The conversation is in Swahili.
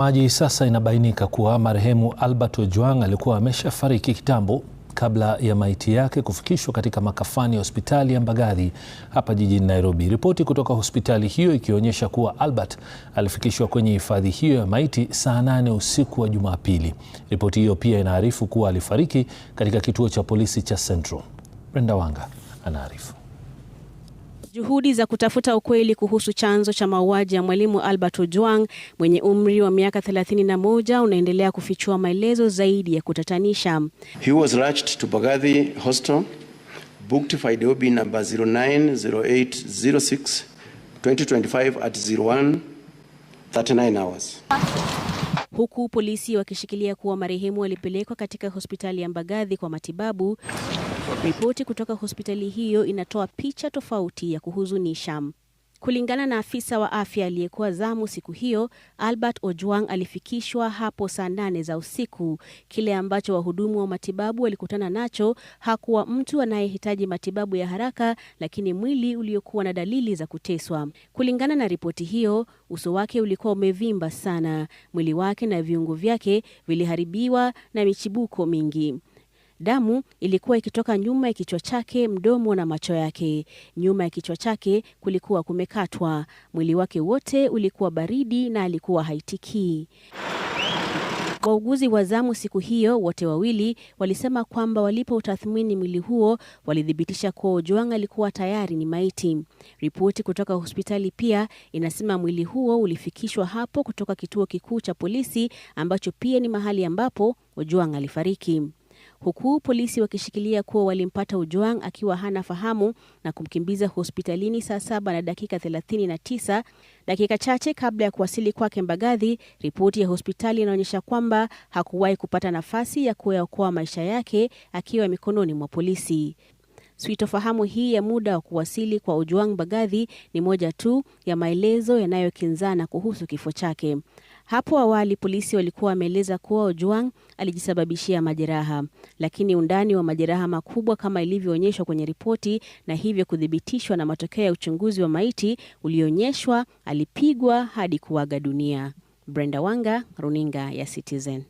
Maji sasa inabainika kuwa marehemu Albert Ojwang alikuwa ameshafariki kitambo kabla ya maiti yake kufikishwa katika makafani ya hospitali ya Mbagathi hapa jijini Nairobi. Ripoti kutoka hospitali hiyo ikionyesha kuwa Albert alifikishwa kwenye hifadhi hiyo ya maiti saa nane usiku wa Jumapili. Ripoti hiyo pia inaarifu kuwa alifariki katika kituo cha polisi cha Central. Brenda Wanga anaarifu. Juhudi za kutafuta ukweli kuhusu chanzo cha mauaji ya mwalimu Albert Ojwang mwenye umri wa miaka 31 unaendelea kufichua maelezo zaidi ya kutatanisha. He was rushed to Bagathi Hostel booked for Fidobi number 090806 2025 at 01 39 hours huku polisi wakishikilia kuwa marehemu alipelekwa katika hospitali ya Mbagathi kwa matibabu. Ripoti kutoka hospitali hiyo inatoa picha tofauti ya kuhuzunisha. Kulingana na afisa wa afya aliyekuwa zamu siku hiyo, Albert Ojwang alifikishwa hapo saa nane za usiku. Kile ambacho wahudumu wa matibabu walikutana nacho hakuwa mtu anayehitaji matibabu ya haraka, lakini mwili uliokuwa na dalili za kuteswa. Kulingana na ripoti hiyo, uso wake ulikuwa umevimba sana, mwili wake na viungo vyake viliharibiwa na michibuko mingi. Damu ilikuwa ikitoka nyuma ya kichwa chake, mdomo na macho yake. Nyuma ya kichwa chake kulikuwa kumekatwa. Mwili wake wote ulikuwa baridi na alikuwa haitikii. Wauguzi wa zamu siku hiyo wote wawili walisema kwamba walipoutathmini mwili huo walithibitisha kuwa Ojwang alikuwa tayari ni maiti. Ripoti kutoka hospitali pia inasema mwili huo ulifikishwa hapo kutoka kituo kikuu cha polisi ambacho pia ni mahali ambapo Ojwang alifariki huku polisi wakishikilia kuwa walimpata Ojwang akiwa hana fahamu na kumkimbiza hospitalini saa saba na dakika 39, dakika chache kabla ya kuwasili kwake Mbagathi. Ripoti ya hospitali inaonyesha kwamba hakuwahi kupata nafasi ya kuyaokoa maisha yake akiwa mikononi mwa polisi. Sitofahamu hii ya muda wa kuwasili kwa Ojwang Bagadhi ni moja tu ya maelezo yanayokinzana kuhusu kifo chake. Hapo awali polisi walikuwa wameeleza kuwa Ojwang alijisababishia majeraha, lakini undani wa majeraha makubwa kama ilivyoonyeshwa kwenye ripoti na hivyo kuthibitishwa na matokeo ya uchunguzi wa maiti ulionyeshwa, alipigwa hadi kuaga dunia. Brenda Wanga, Runinga ya Citizen.